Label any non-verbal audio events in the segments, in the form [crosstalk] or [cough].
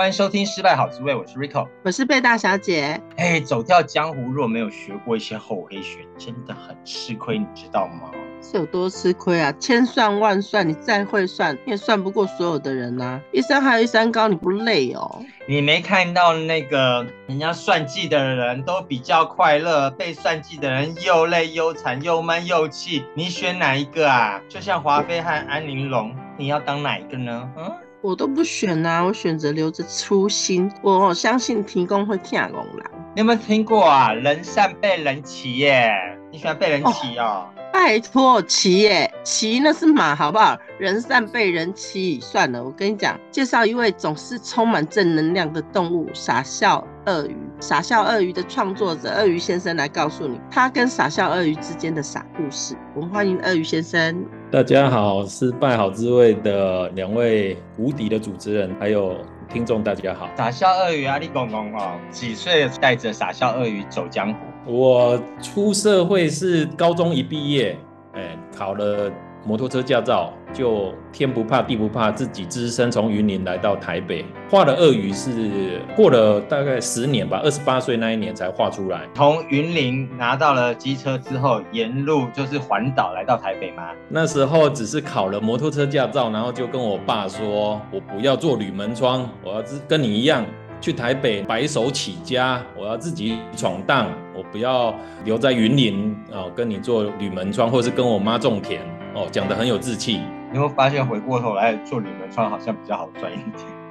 歡迎收聽《失敗好滋味》，我是 Rico，我是貝大小姐。哎、hey，走跳江湖若沒有學過一些厚黑學，真的很吃虧，你知道嗎？是有多吃虧啊？千算萬算，你再會算，你也算不過所有的人啊。一山還有一山高，你不累哦？你沒看到那個人家算計的人都比較快樂，被算計的人又累又慘又悶又氣，你選哪一個啊？就像華妃和安陵容，你要當哪一個呢？嗯。我都不選吶、啊，我選擇留着初心。我相信天公會疼憨人啦。你有沒有聽過啊？人善被人騎耶、欸，你喜歡被人騎、喔、哦？拜托，騎耶、欸，騎那是馬，好不好？人善被人欺，算了。我跟你講，介紹一位總是充滿正能量的動物——傻笑鱷魚。傻笑鱷魚的創作者鱷魚先生來告訴你，他跟傻笑鱷魚之間的傻故事。我們歡迎鱷魚先生。大家好，我是拜好之位的兩位無敵的主持人，還有聽眾，大家好。傻笑鱷魚啊，你講講看、幾歲帶着傻笑鱷魚走江湖？我出社會是高中一畢業，欸，考了。摩托車駕照，就天不怕地不怕，自己只身從雲林來到台北，畫的鱷魚是過了大概十年吧，二十八歲那一年才畫出來。從雲林拿到了機車之後，沿路就是環島來到台北嗎？那時候只是考了摩托車駕照，然後就跟我爸說，我不要做鋁門窗，我要跟你一樣去台北白手起家，我要自己闖蕩，我不要留在雲林啊、哦，跟你做鋁門窗，或是跟我媽種田。哦，講得很有志氣。你會發現，回過頭來做鋁門窗好像比較好賺一點。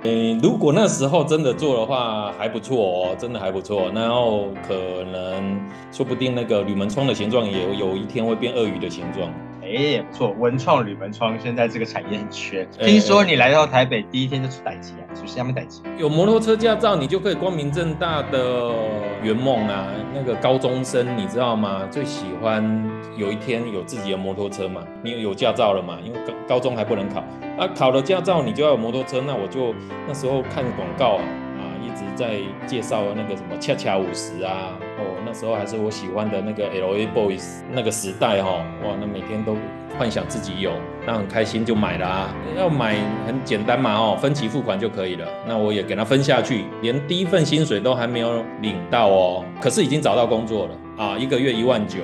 嗯、欸，如果那時候真的做的話，還不錯哦，真的還不錯。然後可能說不定那個鋁門窗的形狀，也有一天會變鱷魚的形狀。爺、欸、也不錯，文創鋁門窗現在這個產業很缺。聽說你來到台北第一天就出代誌啊，首先他們代誌，有摩托車駕照，你就可以光明正大的圓夢啊。那個高中生你知道嗎？最喜歡有一天有自己的摩托車嘛？你有駕照了嘛？因為高高中還不能考，啊，考了駕照你就要有摩托車。那我就那時候看廣告啊，啊，一直在介紹那個什麼恰恰五十啊。那時候還是我喜歡的那個 LA Boys 那個時代哦，哇，那每天都幻想自己有，那很開心就買了。啊，要買很簡單嘛，哦，分期付款就可以了。那我也給他分下去，連第一份薪水都還沒有領到哦，可是已經找到工作了啊，一個月一萬九。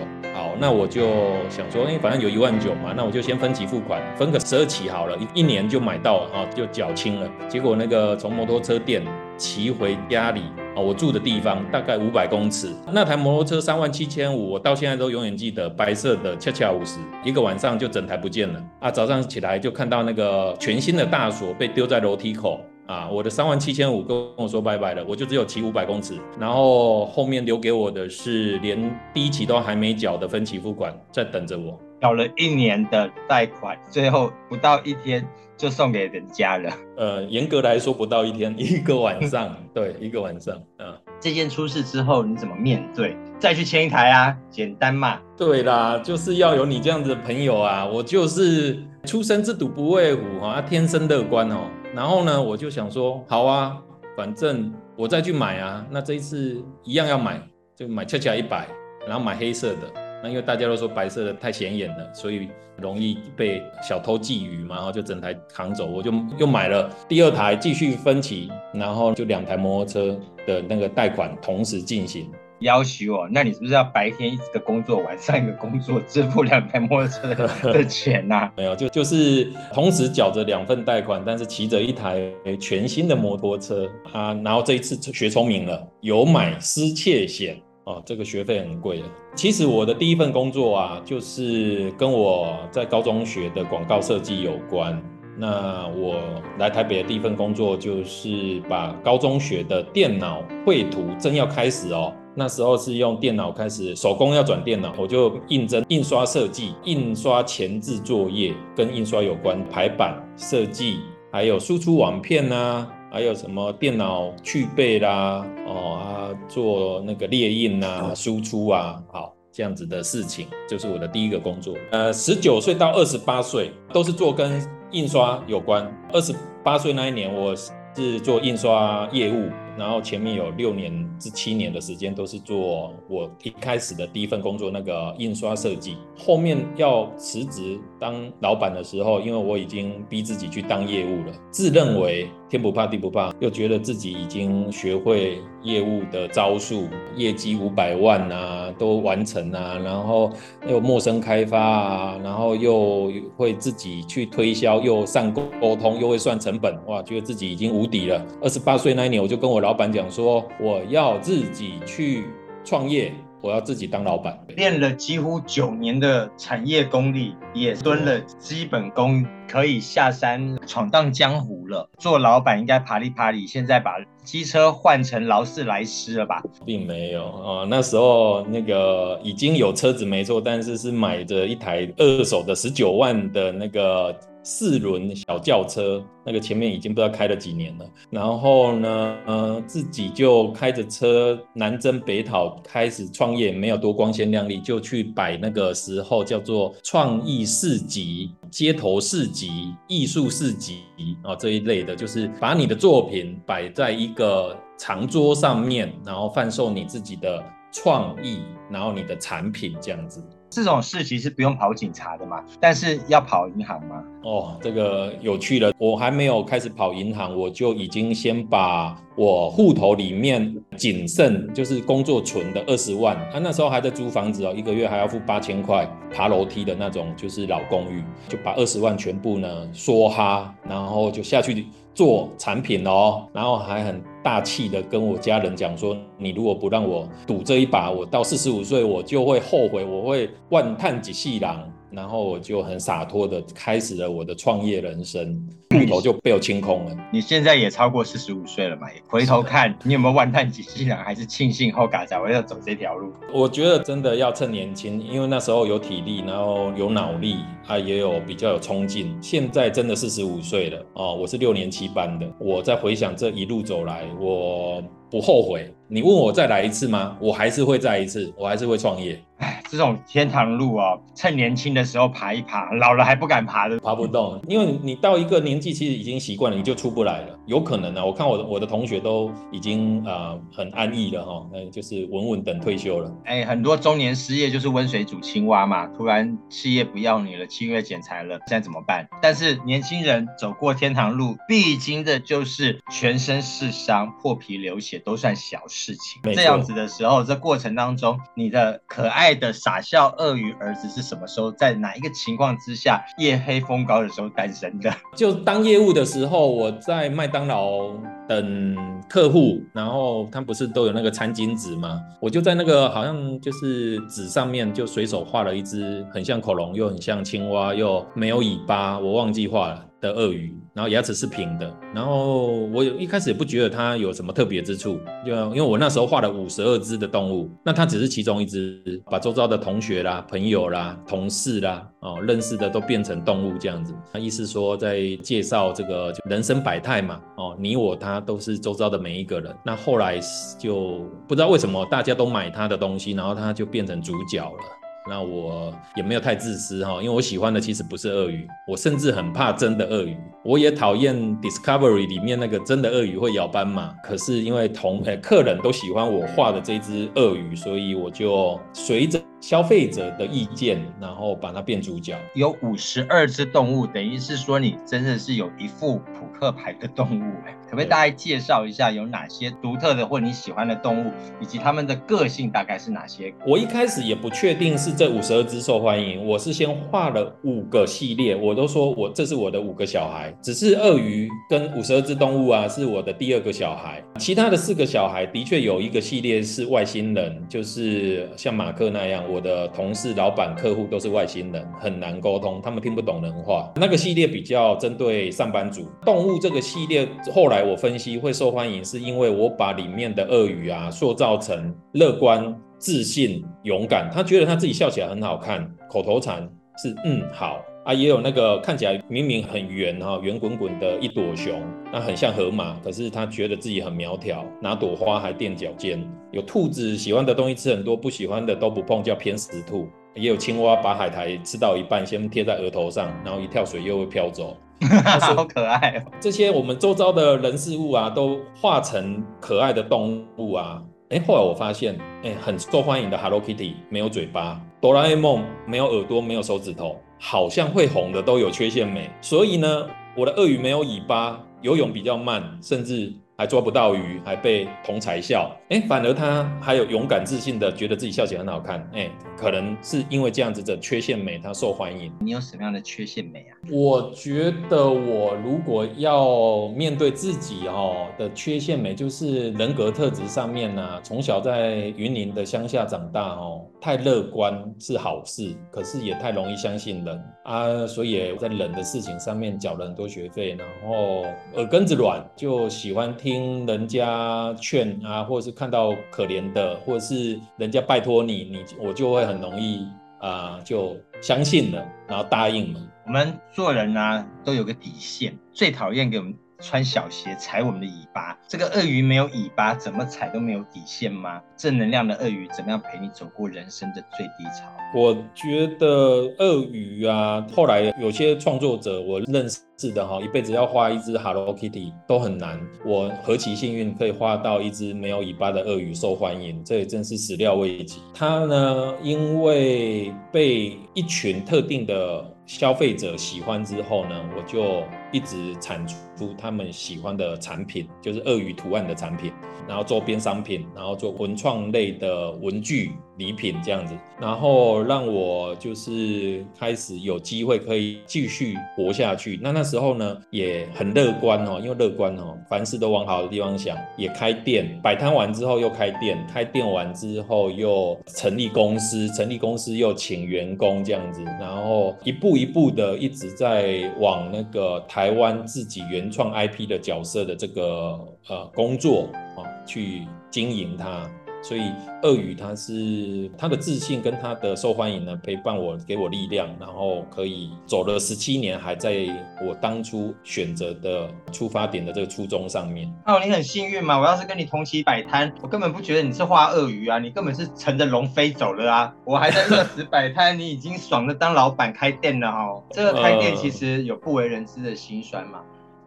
那我就想說，哎、欸，反正有一萬九嘛，那我就先分期付款，分個十二期好了，一一年就買到了啊，就繳清了。結果那個從摩托車店騎回家裡啊，我住的地方大概五百公尺，那台摩托車三萬七千五，我到現在都永遠記得，白色的恰恰五十，一個晚上就整台不見了啊，早上起來就看到那個全新的大鎖被丟在樓梯口。啊，我的三萬七千五跟我說拜拜了，我就只有騎五百公尺，然後後面留給我的是連第一期都還沒繳的分期付款在等着我，繳了一年的貸款，最後不到一天就送給人家了。呃，嚴格來說不到一天，一個晚上， [laughs] 對，一個晚上。嗯，這件出事之後你怎麼面對？再去簽一台啊，簡單嘛。對啦，就是要有你這樣子的朋友啊，我就是。出生之犢不畏虎啊，他天生樂觀哦。然後呢，我就想說，好啊，反正我再去買啊。那這一次一樣要買，就買恰恰一百，然後買黑色的。那因為大家都說白色的太顯眼了，所以容易被小偷覬覦嘛，然後就整台扛走。我就又買了第二台，繼續分期，然後就兩台摩托車的那個貸款同時進行。要挾我，那你是不是要白天一直的工作，晚上一個工作，支付兩台摩托車的錢呢、啊？ [laughs] 沒有，就就是同時繳着兩份貸款，但是騎着一台全新的摩托車啊。然後這一次學聰明了，有買失竊險哦。這個學費很貴的。其實我的第一份工作啊，就是跟我在高中學的廣告設計有關。那我來台北的第一份工作，就是把高中學的電腦繪圖正要開始哦。那時候是用電腦開始，手工要轉電腦，我就應徵、印刷設計、印刷前置作業跟印刷有關，排版設計，還有輸出網片吶、啊，還有什麼電腦去背啦、啊，哦啊，做那個列印吶、啊，輸出啊，好這樣子的事情，就是我的第一個工作。呃，十九歲到二十八歲都是做跟印刷有關。二十八歲那一年，我是做印刷業務。然後前面有六年至七年的時間都是做我一開始的第一份工作，那個印刷設計。後面要辭職當老闆的時候，因為我已經逼自己去當業務了，自認為天不怕地不怕，又覺得自己已經學會業務的招數，業績五百萬啊都完成啊，然後又陌生開發啊，然後又會自己去推銷，又善溝通，又會算成本，哇，覺得自己已經無敵了。二十八歲那一年，我就跟我。老闆講說，我要自己去創業，我要自己當老闆。練了幾乎九年的產業功力，也蹲了基本功，可以下山闖蕩江湖了。做老闆應該爬力爬力，現在把機車換成勞斯萊斯了吧？並沒有，呃，那時候那個已經有車子沒錯，但是是買着一台二手的十九萬的那個。四輪小轎車，那個前面已經不知道開了幾年了。然後呢，嗯、呃，自己就開着車南征北討，開始創業，沒有多光鮮亮麗，就去擺那個時候叫做創意市集、街頭市集、藝術市集啊這一類的，就是把你的作品擺在一個長桌上面，然後販售你自己的創意，然後你的產品這樣子。這種事情是不用跑警察的嘛，但是要跑銀行嘛。哦，這個有趣了。我還沒有開始跑銀行，我就已經先把我戶頭裡面僅剩就是工作存的二十萬，他那時候還在租房子哦，一個月還要付八千塊爬樓梯的那種就是老公寓，就把二十萬全部呢梭哈，然後就下去，做產品哦，然後還很大氣的跟我家人講說：“你如果不讓我賭這一把，我到四十五歲我就會後悔，我會萬嘆一世人。”然後我就很灑脫的開始了我的創業人生，戶頭就被我清空了。你現在也超過四十五歲了嘛？回頭看你有沒有萬嘆幾次啊？還是慶幸好佳在我要走這條路？我覺得真的要趁年輕，因為那時候有體力，然後有腦力，還、啊、也有比較有衝勁。現在真的四十五歲了、哦、我是六年七班的，我在回想這一路走來，我。不後悔，你問我再來一次嗎？我還是會再一次，我還是會創業。哎，這種天堂路啊、哦，趁年輕的時候爬一爬，老了還不敢爬的，爬不動。因為你到一個年紀，其實已經習慣了，你就出不來了。有可能啊，我看我的我的同學都已經啊、呃、很安逸了哈、哦，那就是穩穩等退休了。哎，很多中年失業就是溫水煮青蛙嘛，突然失業不要你了，七月減裁了，現在怎麼辦？但是年輕人走過天堂路，必經的就是全身是傷，破皮流血。也都算小事情。這樣子的時候，這過程當中，你的可愛的傻笑鱷魚兒子是什麼時候，在哪一個情況之下，夜黑風高的時候誕生的？就當業務的時候，我在麥當勞等客戶，然後他不是都有那個餐巾紙嗎？我就在那個好像就是紙上面，就隨手畫了一隻很像恐龍，又很像青蛙，又沒有尾巴，我忘記畫了的鱷魚。然後牙齒是平的，然後我有一開始也不覺得它有什麼特別之處，就因為我那時候畫了五十二隻的動物，那它只是其中一隻，把周遭的同學啦、朋友啦、同事啦，哦，認識的都變成動物這樣子，那意思說在介紹這個就人生百態嘛，哦，你我他都是周遭的每一個人。那後來就不知道為什麼大家都買他的東西，然後他就變成主角了。那我也沒有太自私哈，因為我喜歡的其實不是鱷魚，我甚至很怕真的鱷魚，我也討厭 Discovery 裡面那個真的鱷魚會咬斑馬。可是因為同誒客人都喜歡我畫的這隻鱷魚，所以我就隨着消費者的意見，然後把它變主角。有五十二隻動物，等於是說你真的是有一副撲克牌的動物誒。可不可以大概介紹一下有哪些獨特的或你喜歡的動物，以及他們的個性大概是哪些？我一開始也不確定是這五十二隻受歡迎，我是先畫了五個系列，我都說我這是我的五個小孩。只是鱷魚跟五十二隻動物啊，是我的第二個小孩。其他的四個小孩的確有一個系列是外星人，就是像馬克那樣，我的同事、老闆、客戶都是外星人，很難溝通，他們聽不懂人話。那個系列比較針對上班族，動物這個系列後來。我分析會受歡迎，是因為我把裡面的鱷魚啊塑造成樂觀、自信、勇敢。他覺得他自己笑起來很好看，口頭禪是“嗯好啊”。也有那個看起來明明很圓哈，圓滾滾的一朵熊，那很像河馬，可是他覺得自己很苗條。拿朵花還墊腳尖，有兔子喜歡的東西吃很多，不喜歡的都不碰，叫偏食兔。也有青蛙把海苔吃到一半，先貼在額頭上，然後一跳水又會飄走。 [laughs] 他說 [laughs] 好可愛哦！這些我們周遭的人事物啊，都化成可愛的動物啊。哎、欸，後來我發現、欸，很受歡迎的 Hello Kitty 沒有嘴巴，哆啦 A 夢沒有耳朵，沒有手指頭，好像會紅的都有缺陷美。所以呢，我的鱷魚沒有尾巴，游泳比較慢，甚至。還抓不到魚，還被同儕笑，哎、欸，反而他還有勇敢自信的，覺得自己笑起來很好看，哎、欸，可能是因為這樣子的缺陷美，他受歡迎。你有什麼樣的缺陷美啊？我覺得我如果要面對自己哦的缺陷美，就是人格特質上面呢、啊，從小在雲林的鄉下長大哦，太樂觀是好事，可是也太容易相信人啊，所以在人的事情上面繳了很多學費，然後耳根子軟，就喜歡。聽人家勸啊，或者是看到可憐的，或者是人家拜托你，你我就會很容易啊、呃，就相信了，然後答應了。我們做人啊，都有個底線，最討厭給我們。穿小鞋，踩我們的尾巴，這個鱷魚沒有尾巴，怎麼踩都沒有底線嗎？正能量的鱷魚怎麼樣陪你走過人生的最低潮？我覺得鱷魚啊，後來有些創作者我認識的哈，一輩子要畫一隻 Hello Kitty 都很難。我何其幸運，可以畫到一隻沒有尾巴的鱷魚受歡迎，這也正是始料未及。它呢，因為被一群特定的消費者喜歡之後呢，我就一直產出。出他們喜歡的產品，就是鱷魚圖案的產品，然後周邊商品，然後做文創類的文具禮品這樣子，然後讓我就是開始有機會可以繼續活下去。那那時候呢也很樂觀哦，因為樂觀哦，凡事都往好的地方想，也開店，擺攤完之後又開店，開店完之後又成立公司，成立公司又請員工這樣子，然後一步一步的一直在往那個台灣自己原。原創 IP 的角色的這個呃工作、啊、去經營它。所以鱷魚它是它的自信跟它的受歡迎呢，陪伴我，給我力量，然後可以走了十七年還在我當初選擇的出發點的這個初衷上面。哦，你很幸運嘛？我要是跟你同期擺攤，我根本不覺得你是畫鱷魚啊，你根本是乘着龍飛走了啊！我還在餓死擺攤， [laughs] 你已經爽的當老板開店了哦，這個開店其實有不為人知的心酸嘛。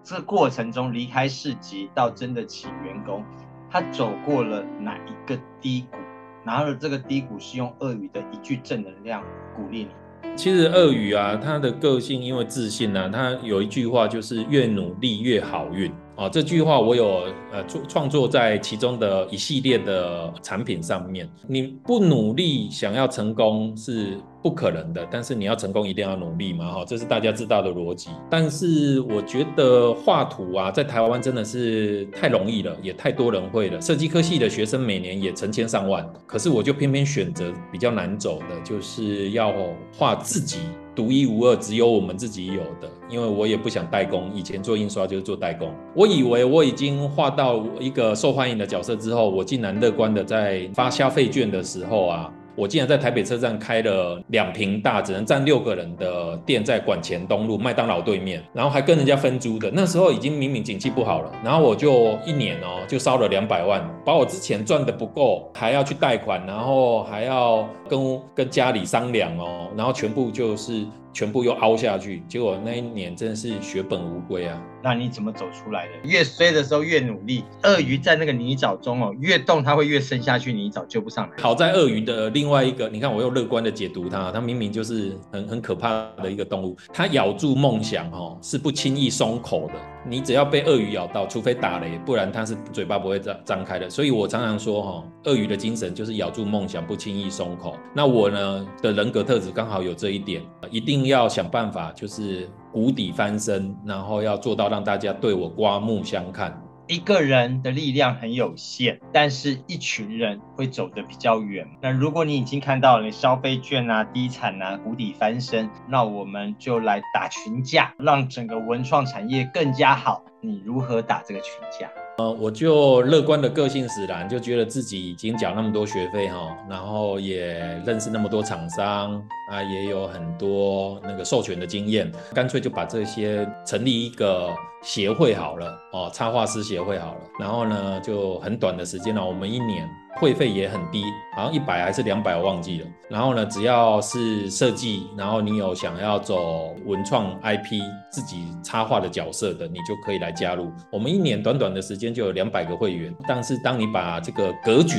這過程中離開市集到真的請員工，他走過了哪一個低谷？然後這個低谷是用鱷魚的一句正能量鼓勵你。其實鱷魚啊，他的個性因為自信吶、啊，他有一句話就是越努力越好運啊。這句話我有呃做創作在其中的一系列的產品上面。你不努力想要成功是。不可能的，但是你要成功一定要努力嘛，哈，這是大家知道的邏輯。但是我覺得畫圖啊，在台灣真的是太容易了，也太多人會了。設計科系的學生每年也成千上萬，可是我就偏偏選擇比較難走的，就是要畫自己獨一無二、只有我們自己有的。因為我也不想代工，以前做印刷就是做代工。我以為我已經畫到一個受歡迎的角色之後，我竟然樂觀的在發消費券的時候啊。我竟然在台北車站開了兩坪大，只能站六個人的店，在館前東路麥當勞對面，然後還跟人家分租的。那時候已經明明景氣不好了，然後我就一年哦，就燒了兩百萬，把我之前賺的不夠，還要去貸款，然後還要跟跟家裡商量哦，然後全部就是全部又凹下去，結果那一年真的是血本無歸啊。那你怎麼走出來的？越衰的時候越努力。鱷魚在那個泥沼中哦，越動它會越深下去，泥沼救不上來。好在鱷魚的另外一個，你看我又樂觀的解讀它，它明明就是很很可怕的一個動物，它咬住夢想哦，是不輕易鬆口的。你只要被鱷魚咬到，除非打雷，不然它是嘴巴不會張張開的。所以我常常說哈、哦，鱷魚的精神就是咬住夢想不輕易鬆口。那我呢的人格特質剛好有這一點，一定要想辦法就是。谷底翻身，然後要做到讓大家對我刮目相看。一個人的力量很有限，但是一群人會走得比較遠。那如果你已經看到了消費券啊、低產啊、谷底翻身，那我們就來打群架，讓整個文創產業更加好。你如何打這個群架？呃，我就樂觀的個性使然，就覺得自己已經繳那麼多學費哈、哦，然後也認識那麼多廠商啊，也有很多那個授權的經驗，乾脆就把這些成立一個協會好了哦，插畫師協會好了，然後呢，就很短的時間了，我們一年。會費也很低，好像一百還是兩百，我忘記了。然後呢，只要是設計，然後你有想要走文創 IP、自己插畫的角色的，你就可以來加入。我們一年短短的時間就有兩百個會員，但是當你把這個格局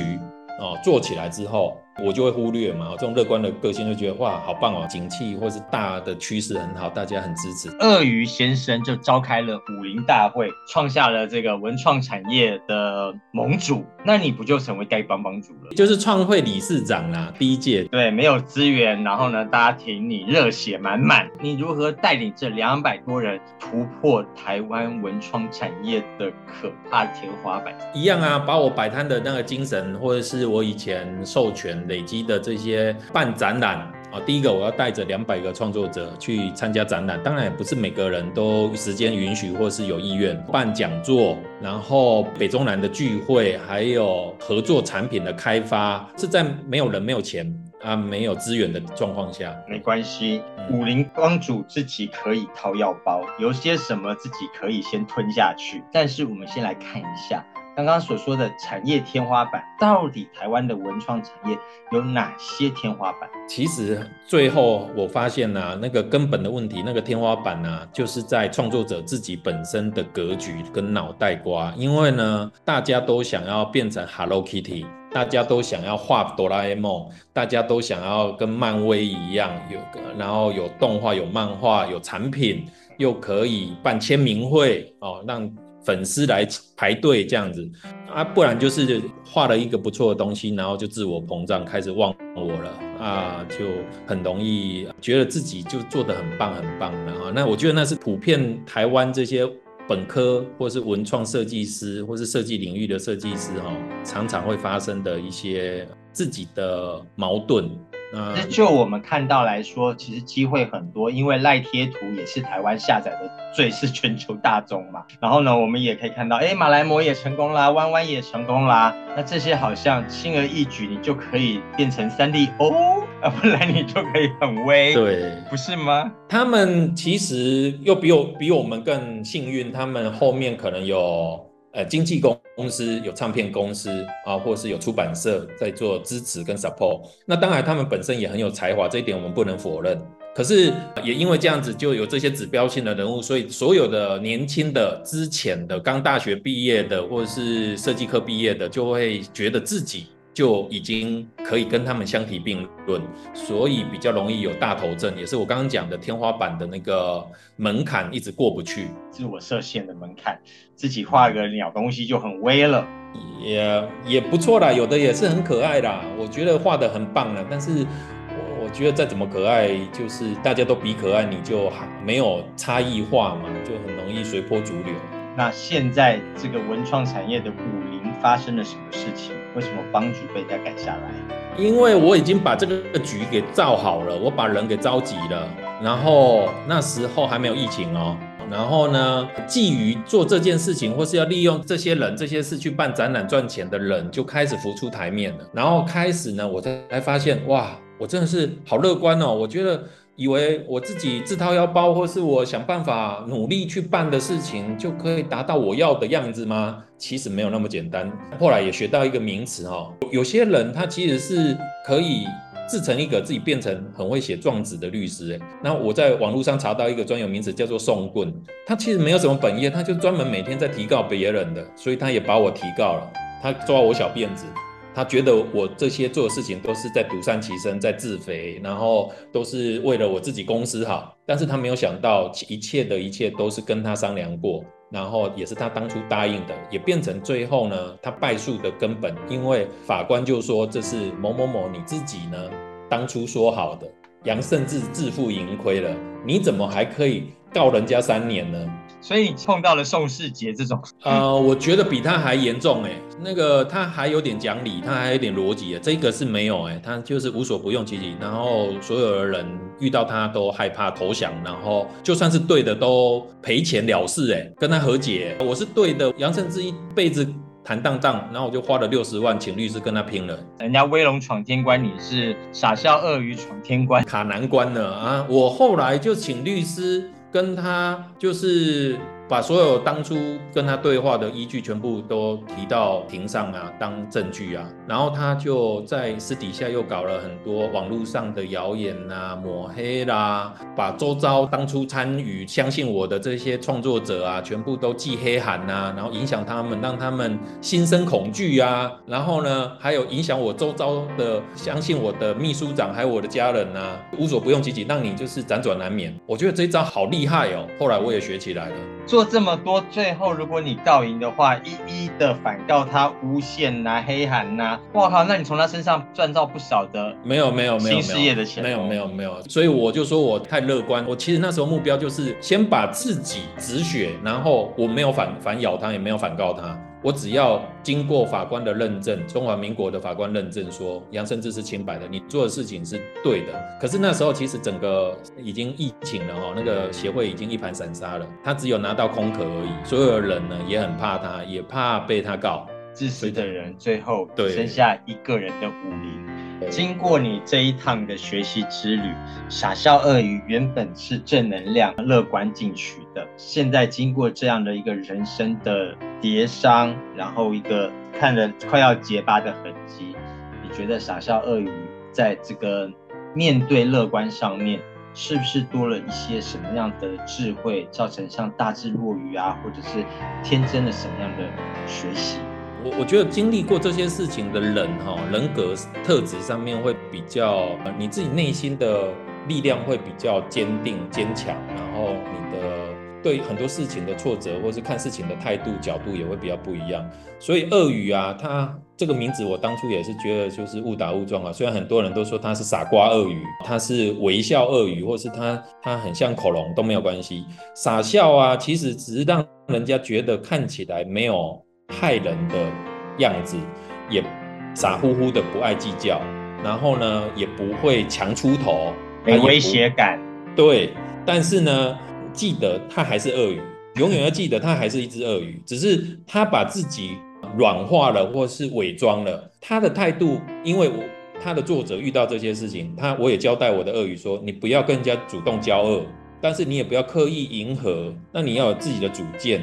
啊、哦、做起來之後。我就會忽略嘛，我這種樂觀的個性就覺得哇好棒哦，景氣或是大的趨勢很好，大家很支持。鱷魚先生就召開了武林大會，創下了這個文創產業的盟主，那你不就成為丐幫幫主了？就是創會理事長啦，啊，第一屆。對，沒有資源，然後呢，大家挺你，熱血滿滿，你如何帶領這兩百多人突破台灣文創產業的可怕的天花板？一樣啊，把我擺攤的那個精神，或者是我以前授權的。累積的這些辦展覽啊，第一個我要帶着兩百個創作者去參加展覽，當然也不是每個人都時間允許或是有意願。辦講座，然後北中南的聚會，還有合作產品的開發，是在沒有人、沒有錢啊、沒有資源的狀況下，沒關係。武林幫主自己可以掏腰包，有些什麼自己可以先吞下去。但是我們先來看一下。剛剛所說的產業天花板，到底台灣的文創產業有哪些天花板？其實最後我發現呢、啊，那個根本的問題，那個天花板呢、啊，就是在創作者自己本身的格局跟腦袋瓜。因為呢，大家都想要變成 Hello Kitty，大家都想要畫哆啦 A 夢，大家都想要跟漫威一樣有個，然後有動畫、有漫畫、有產品，又可以辦簽名會哦，讓。粉絲來排隊這樣子啊，不然就是畫了一個不錯的東西，然後就自我膨脹，開始忘我了啊，就很容易覺得自己就做得很棒很棒了啊。那我覺得那是普遍台灣這些本科或是文創設計師，或是設計領域的設計師哈啊，常常會發生的一些自己的矛盾。呃、就我們看到來說，其實機會很多，因為賴貼圖也是台灣下載的最是全球大眾嘛。然後呢，我們也可以看到，哎、欸，馬來貘也成功啦，彎彎也成功啦。那這些好像輕而易舉，你就可以變成三麗鷗，啊，不然你就可以很威，對，不是嗎？他們其實又比我比我們更幸運，他們後面可能有。經紀公司、有唱片公司啊，或是有出版社在做支持跟 support，那當然他們本身也很有才華，這一點我們不能否認。可是也因為這樣子，就有這些指標性的人物，所以所有的年輕的、之前的剛大學畢業的，或者是設計科畢業的，就會覺得自己。就已經可以跟他們相提並論，所以比較容易有大頭症，也是我剛剛講的天花板的那個門檻一直過不去，自我設限的門檻，自己畫個鳥東西就很威了，也也不錯啦，有的也是很可愛啦，我覺得畫的很棒了，但是我覺得再怎麼可愛，就是大家都比可愛，你就沒有差異化嘛，就很容易隨波逐流。那現在這個文創產業的武林發生了什麼事情？為什麼幫局被人家趕下來？因為我已經把這個局給造好了，我把人給召集了，然後那時候還沒有疫情哦。然後呢，覬覦做這件事情，或是要利用這些人、這些事去辦展覽賺錢的人，就開始浮出檯面了。然後開始呢，我才才發現，哇，我真的是好樂觀哦。我覺得。以為我自己自掏腰包，或是我想辦法努力去辦的事情，就可以達到我要的樣子嗎？其實沒有那麼簡單。後來也學到一個名詞哦，有些人他其實是可以自成一個自己變成很會寫狀子的律師誒。那我在網絡上查到一個專有名詞叫做“訟棍”，他其實沒有什麼本業，他就專門每天在提告別人的，所以他也把我提告了，他抓我小辮子。他覺得我這些做的事情都是在獨善其身，在自肥，然後都是為了我自己公司好，但是他沒有想到一切的一切都是跟他商量過，然後也是他當初答應的，也變成最後呢他敗訴的根本，因為法官就說這是某某某你自己呢當初說好的，楊甚至自負盈虧了，你怎麼還可以？告人家三年了，所以你碰到了宋世杰這種，呃，我覺得比他還嚴重誒、欸、那個他還有點講理，他還有點邏輯的，這個是沒有誒、欸、他就是無所不用其極。然後所有的人遇到他都害怕投降，然後就算是對的都賠錢了事、欸、跟他和解、欸。我是對的，楊勝志一輩子坦蕩蕩，然後我就花了六十萬請律師跟他拼了。人家威龍闖天關，你是傻笑鱷魚闖天關，卡難關了啊！我後來就請律師，跟他就是。把所有當初跟他對話的依據，全部都提到庭上啊，當證據啊，然後他就在私底下又搞了很多網絡上的謠言啊，抹黑啦，把周遭當初參與相信我的這些創作者啊，全部都寄黑函吶、啊，然後影響他們，讓他們心生恐懼啊，然後呢，還有影響我周遭的相信我的秘書長還有我的家人吶、啊，無所不用其極，讓你就是輾轉難眠。我覺得這一招好厲害哦，後來我也學起來了。做這麼多，最後如果你告贏的話，一一的反告他誣陷吶、黑函吶、啊，我靠，那你從他身上賺到不少的沒有沒有沒有新事業的錢、喔，沒有沒有，沒有，沒有沒有，所以我就說我太樂觀，我其實那時候目標就是先把自己止血，然後我沒有反反咬他，也沒有反告他。我只要經過法官的認證，中華民國的法官認證說楊升志是清白的，你做的事情是對的。可是那時候其實整個已經疫情了哦，那個協會已經一盤散沙了，他只有拿到空殼而已。所有的人呢也很怕他，也怕被他告。支持的人最後剩下一個人的無名。經過你這一趟的學習之旅，傻笑鱷魚原本是正能量、樂觀進取的，現在經過這樣的一個人生的跌傷，然後一個看着快要結疤的痕跡，你覺得傻笑鱷魚在這個面對樂觀上面，是不是多了一些什麼樣的智慧，造成像大智若愚啊，或者是天真的什麼樣的學習？我我覺得經歷過這些事情的人，哈，人格特質上面會比較，你自己內心的力量會比較堅定堅強，然後你的對很多事情的挫折，或是看事情的態度角度也會比較不一樣。所以鱷魚啊，它這個名字我當初也是覺得就是誤打誤撞啊。雖然很多人都說它是傻瓜鱷魚，它是微笑鱷魚，或是它它很像恐龍都沒有關係。傻笑啊，其實只是讓人家覺得看起來沒有。害人的樣子，也傻乎乎的不愛計較，然後呢，也不會強出頭，沒威脅感。對，但是呢，記得他還是鱷魚，永遠要記得他還是一隻鱷魚，只是他把自己軟化了，或是偽裝了。他的態度，因為我，他的作者遇到這些事情，他，我也交代我的鱷魚說，你不要跟人家主動交惡，但是你也不要刻意迎合，那你要有自己的主見。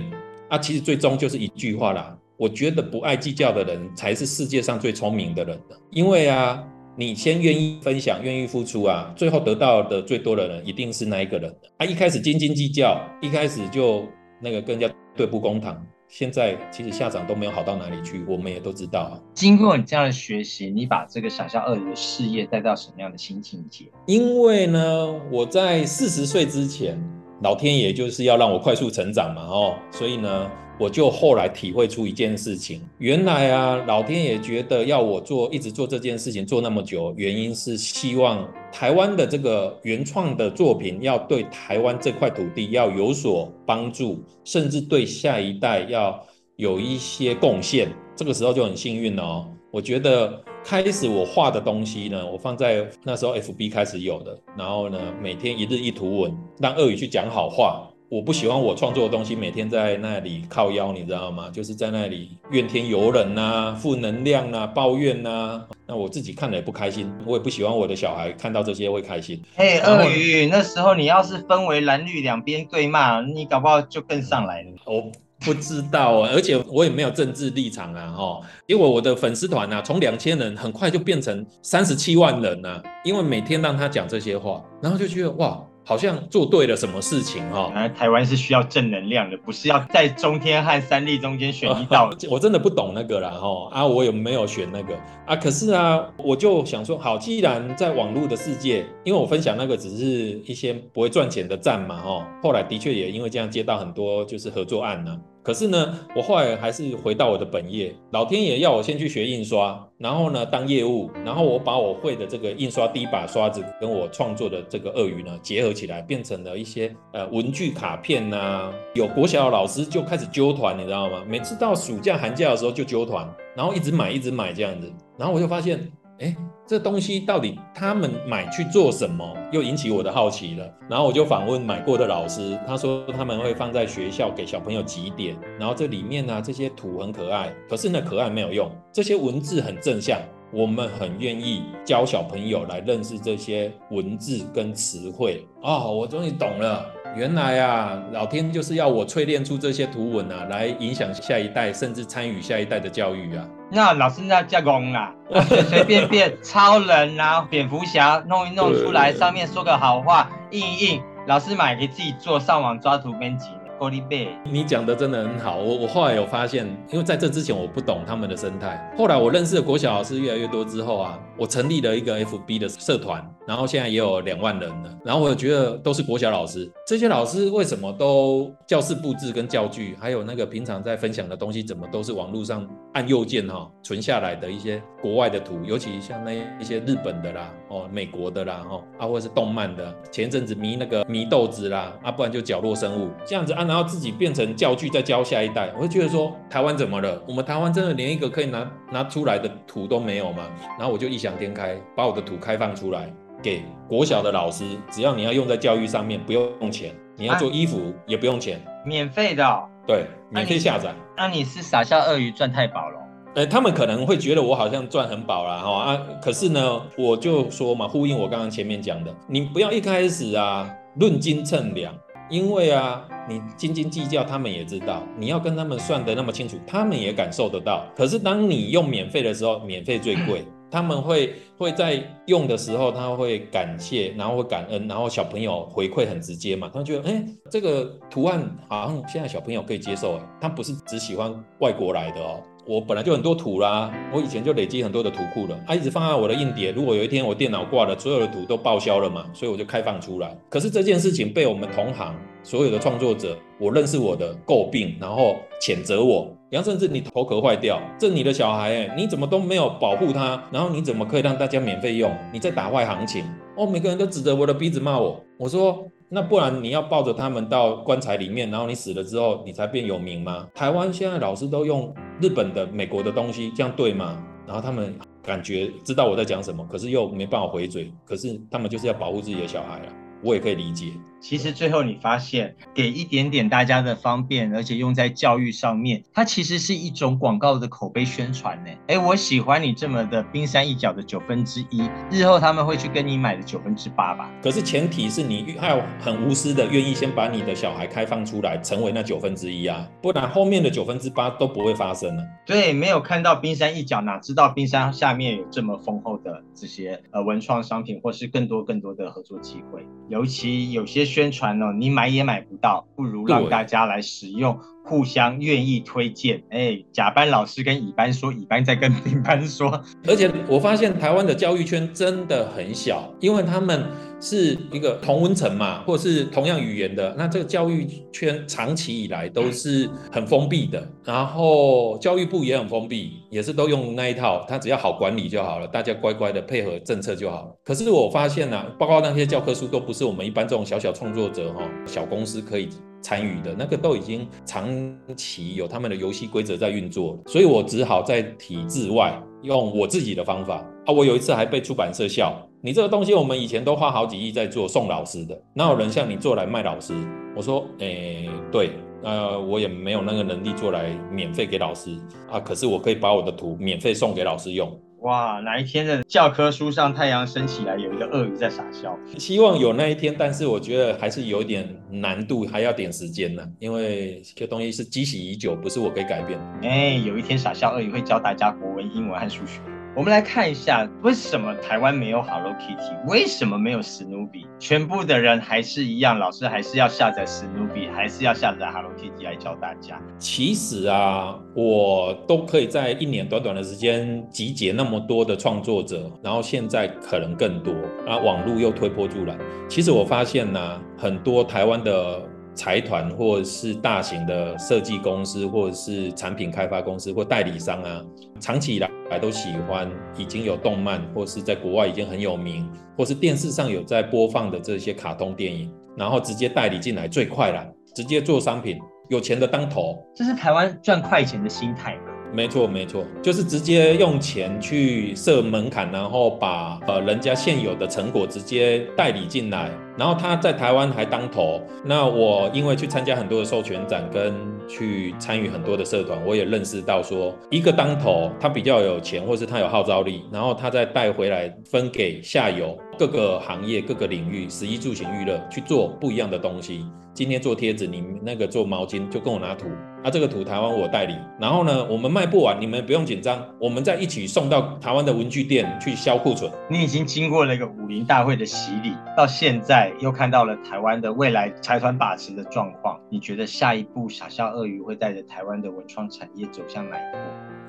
啊，其實最終就是一句話啦。我覺得不愛計較的人才是世界上最聰明的人的，因為啊，你先願意分享，願意付出啊，最後得到的最多的人一定是那一個人的。他、啊、一開始斤斤計較，一開始就那個更加對簿公堂，現在其實下場都沒有好到哪裡去，我們也都知道。啊，經過你這樣的學習，你把這個傻笑鱷魚的事業帶到什麼樣的新境界？因為呢，我在四十歲之前。老天爺就是要讓我快速成長嘛，哦，所以呢，我就後來體會出一件事情，原來啊，老天爺覺得要我做一直做這件事情做那麼久，原因是希望台灣的這個原創的作品要對台灣這塊土地要有所幫助，甚至對下一代要有一些貢獻。這個時候就很幸運了哦，我覺得。開始我畫的東西呢，我放在那時候 FB 開始有的，然後呢，每天一日一圖文，讓鱷魚去講好話。我不喜歡我創作的東西每天在那裡靠腰，你知道嗎？就是在那裡怨天尤人吶、啊，負能量啊、抱怨吶、啊。那我自己看了也不開心，我也不喜歡我的小孩看到這些會開心。嘿，鱷魚，那時候你要是分為藍綠兩邊對罵，你搞不好就更上來了。我。不知道啊，而且我也沒有政治立場啊，吼，因為我的粉絲團啊，從兩千人很快就變成三十七萬人了啊，因為每天讓他講這些話，然後就覺得哇。好像做對了什麼事情哈、哦啊，台灣是需要正能量的，不是要在中天和三立中間選一道、啊。我真的不懂那個了吼、哦，啊，我也沒有選那個啊。可是啊，我就想說，好，既然在網絡的世界，因為我分享那個只是一些不會賺錢的讚嘛吼、哦，後來的確也因為這樣接到很多就是合作案呢、啊。可是呢，我後來還是回到我的本業。老天爺要我先去學印刷，然後呢，當業務，然後我把我會的這個印刷第一把刷子跟我創作的這個鱷魚呢結合起來，變成了一些呃文具卡片吶、啊。有國小的老師就開始揪團，你知道嗎？每次到暑假寒假的時候就揪團，然後一直買一直買這樣子，然後我就發現，哎、欸。這東西到底他們買去做什麼？又引起我的好奇了。然後我就訪問買過的老師，他說他們會放在學校給小朋友幾點。然後這裡面呢、啊，這些圖很可愛，可是那可愛沒有用，這些文字很正向，我們很願意教小朋友來認識這些文字跟詞彙。哦，我終於懂了，原來啊，老天就是要我淬煉出這些圖文啊，來影響下一代，甚至參與下一代的教育啊！那老師那叫工啊，隨、啊、隨便便 [laughs] 超人啊，蝙蝠俠弄一弄出來，上面說個好話，印一印，老師買給自己做，上網抓圖編輯。國立美，你講的真的很好。我我後來有發現，因為在這之前我不懂他們的生態。後來我認識的國小老師越來越多之後啊，我成立了一個 FB 的社團，然後現在也有兩萬人了。然後我覺得都是國小老師，這些老師為什麼都教室布置跟教具，還有那個平常在分享的東西，怎麼都是網絡上按右鍵哈、哦、存下來的一些？國外的圖，尤其像那一些日本的啦，哦、喔，美國的啦，哦、喔，啊，或者是動漫的。前一陣子迷那個迷豆子啦，啊，不然就角落生物這樣子啊，然後自己變成教具再教下一代。我就覺得說，台灣怎麼了？我們台灣真的連一個可以拿拿出來的圖都沒有嗎？然後我就異想天開，把我的圖開放出來給國小的老師，只要你要用在教育上面，不用錢，你要做衣服、啊、也不用錢，免費的、哦。對，免費下載。那、啊你，啊、你是傻笑鱷魚賺太飽了。欸、他們可能會覺得我好像賺很飽了哈啊！可是呢，我就說嘛，呼應我剛剛前面講的，你不要一開始啊論斤秤兩，因為啊你斤斤計較，他們也知道。你要跟他們算得那麼清楚，他們也感受得到。可是當你用免費的時候，免費最貴，他們會會在用的時候他會感謝，然後會感恩，然後小朋友回饋很直接嘛，他覺得誒這個圖案好像、啊嗯、現在小朋友可以接受、啊，他不是只喜歡外國來的哦。我本來就很多圖啦，我以前就累積很多的圖庫了，它、啊、一直放在我的硬碟。如果有一天我電腦掛了，所有的圖都報銷了嘛，所以我就開放出來。可是這件事情被我們同行所有的創作者，我認識我的詬病，然後譴責我。然後甚至你頭殼壞掉，這是你的小孩誒、欸，你怎麼都沒有保護他？然後你怎麼可以讓大家免費用？你在打壞行情哦！每個人都指着我的鼻子罵我，我說那不然你要抱着他們到棺材裡面，然後你死了之後你才變有名嗎？台灣現在老師都用日本的、美國的東西，這樣對嗎？然後他們感覺知道我在講什麼，可是又沒辦法回嘴，可是他們就是要保護自己的小孩啊，我也可以理解。其實最後你發現，給一點點大家的方便，而且用在教育上面，它其實是一種廣告的口碑宣傳呢。哎，我喜歡你這麼的冰山一角的九分之一，日後他們會去跟你買的九分之八吧。可是前提是你還很無私的願意先把你的小孩開放出來，成為那九分之一啊，不然後面的九分之八都不會發生了。對，沒有看到冰山一角，哪知道冰山下面有這麼豐厚的這些呃文創商品，或是更多更多的合作機會，尤其有些。宣傳哦，你買也買不到，不如讓大家來使用，互相願意推薦。哎、欸，甲班老師跟乙班說，乙班再跟丙班說。而且我發現台灣的教育圈真的很小，因為他們。是一個同溫層嘛，或者是同樣語言的，那這個教育圈長期以來都是很封閉的，然後教育部也很封閉，也是都用那一套，它，只要好管理就好了，大家乖乖的配合政策就好了。可是我發現呢、啊，包括那些教科書都不是我們一般這種小小創作者哈，小公司可以參與的，那個都已經長期有他們的遊戲規則在運作，所以我只好在體制外用我自己的方法啊，我有一次還被出版社笑。你這個東西，我們以前都花好幾億在做送老師的，哪有人像你做來賣老師？我說，哎、欸，對，呃，我也沒有那個能力做來免費給老師啊，可是我可以把我的圖免費送給老師用。哇，哪一天的教科書上太陽升起來有一個鱷魚在傻笑？希望有那一天，但是我覺得還是有點難度，還要點時間呢、啊，因為這個東西是積習已久，不是我可以改變的。哎、欸，有一天傻笑鱷魚會教大家國文、英文和數學。我們來看一下，為什麼台灣沒有 Hello Kitty？為什麼沒有史努比？全部的人還是一樣，老師還是要下載史努比，還是要下載 Hello Kitty 來教大家。其實啊，我都可以在一年短短的時間集結那麼多的創作者，然後現在可能更多。然後網路又推波助瀾。其實我發現呢、啊，很多台灣的。財團或是大型的設計公司，或是產品開發公司或代理商啊，長期以來都喜歡已經有動漫或是在國外已經很有名，或是電視上有在播放的這些卡通電影，然後直接代理進來最快了，直接做商品，有錢的當頭，這是台灣賺快錢的心態。沒錯，沒錯，就是直接用錢去設門檻，然後把呃人家現有的成果直接代理進來，然後他在台灣還當頭。那我因為去參加很多的授權展，跟去參與很多的社團，我也認識到說，一個當頭他比較有錢，或是他有號召力，然後他再帶回來分給下游。各個行業、各個領域，食衣住行娛樂去做不一樣的東西。今天做貼紙，你那個做毛巾就跟我拿圖。那、啊、這個圖台灣我代理。然後呢，我們賣不完，你們不用緊張，我們再一起送到台灣的文具店去銷庫存。你已經經過了一個武林大會的洗禮，到現在又看到了台灣的未來財團把持的狀況，你覺得下一步傻笑鱷魚會帶着台灣的文創產業走向哪一步？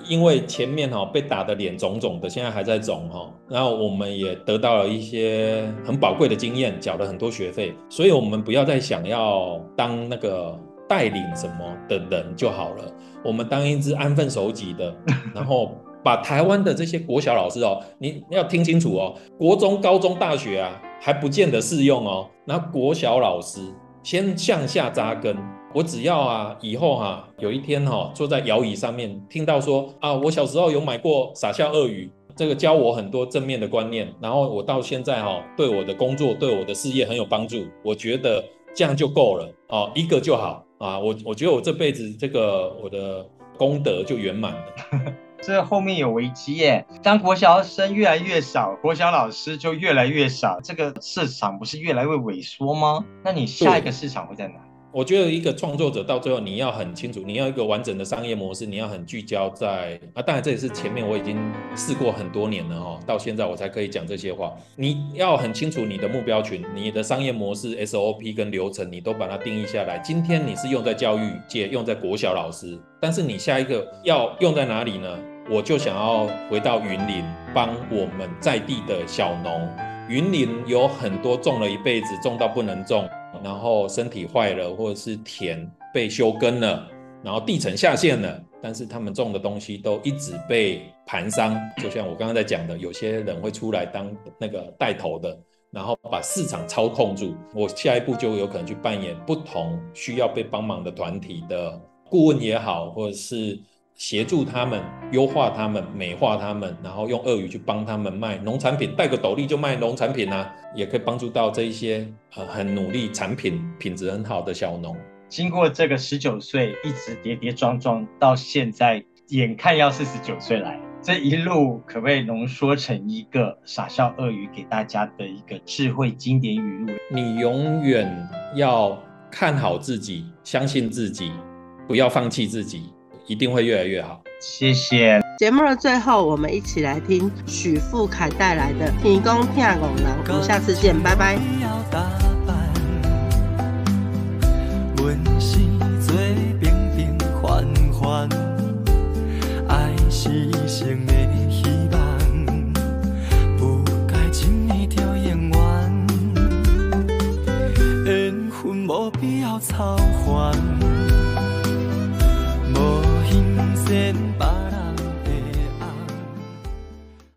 因為前面哈、哦、被打得臉腫腫的，現在還在腫哈、哦。然後我們也得到了一些很寶貴的經驗，繳了很多學費，所以我們不要再想要當那個帶領什麼的人就好了。我們當一隻安分守己的，然後把台灣的這些國小老師哦，你要聽清楚哦，國中、高中、大學啊還不見得適用哦。那國小老師先向下紮根。我只要啊，以後哈、啊、有一天哈、啊，坐在搖椅上面，聽到說啊，我小時候有買過《傻笑鱷魚》，這個教我很多正面的觀念，然後我到現在哈、啊，對我的工作、對我的事業很有幫助。我覺得這樣就夠了哦、啊，一個就好啊。我我覺得我這輩子這個我的功德就圓滿了。 [laughs] 這後面有危機耶，當國小生越來越少，國小老師就越來越少，這個市場不是越來越萎縮嗎？那你下一個市場會在哪？我覺得一個創作者到最後，你要很清楚，你要一個完整的商業模式，你要很聚焦在啊。當然，這也是前面我已經試過很多年了哈，到現在我才可以講這些話。你要很清楚你的目標群，你的商業模式、SOP 跟流程，你都把它定義下來。今天你是用在教育界，用在國小老師，但是你下一個要用在哪裡呢？我就想要回到雲林，幫我們在地的小農。雲林有很多種了一輩子，種到不能種。然後身體壞了，或者是田被休耕了，然後地層下陷了，但是他們種的東西都一直被盤商，就像我剛剛在講的，有些人會出來當那個帶頭的，然後把市場操控住。我下一步就有可能去扮演不同需要被幫忙的團體的顧問也好，或者是。協助他們優化他們美化他們，然後用鱷魚去幫他們賣農產品，戴個斗笠就賣農產品吶、啊，也可以幫助到這一些很很努力、產品品質很好的小農。經過這個十九歲一直跌跌撞撞，到現在眼看要四十九歲了，這一路可不可以濃縮成一個傻笑鱷魚給大家的一個智慧經典語錄？你永遠要看好自己，相信自己，不要放棄自己。一定會越來越好。謝謝。節目的最後，我們一起來聽許富凱帶來的《天公偏公郎》。我們下次見，拜拜。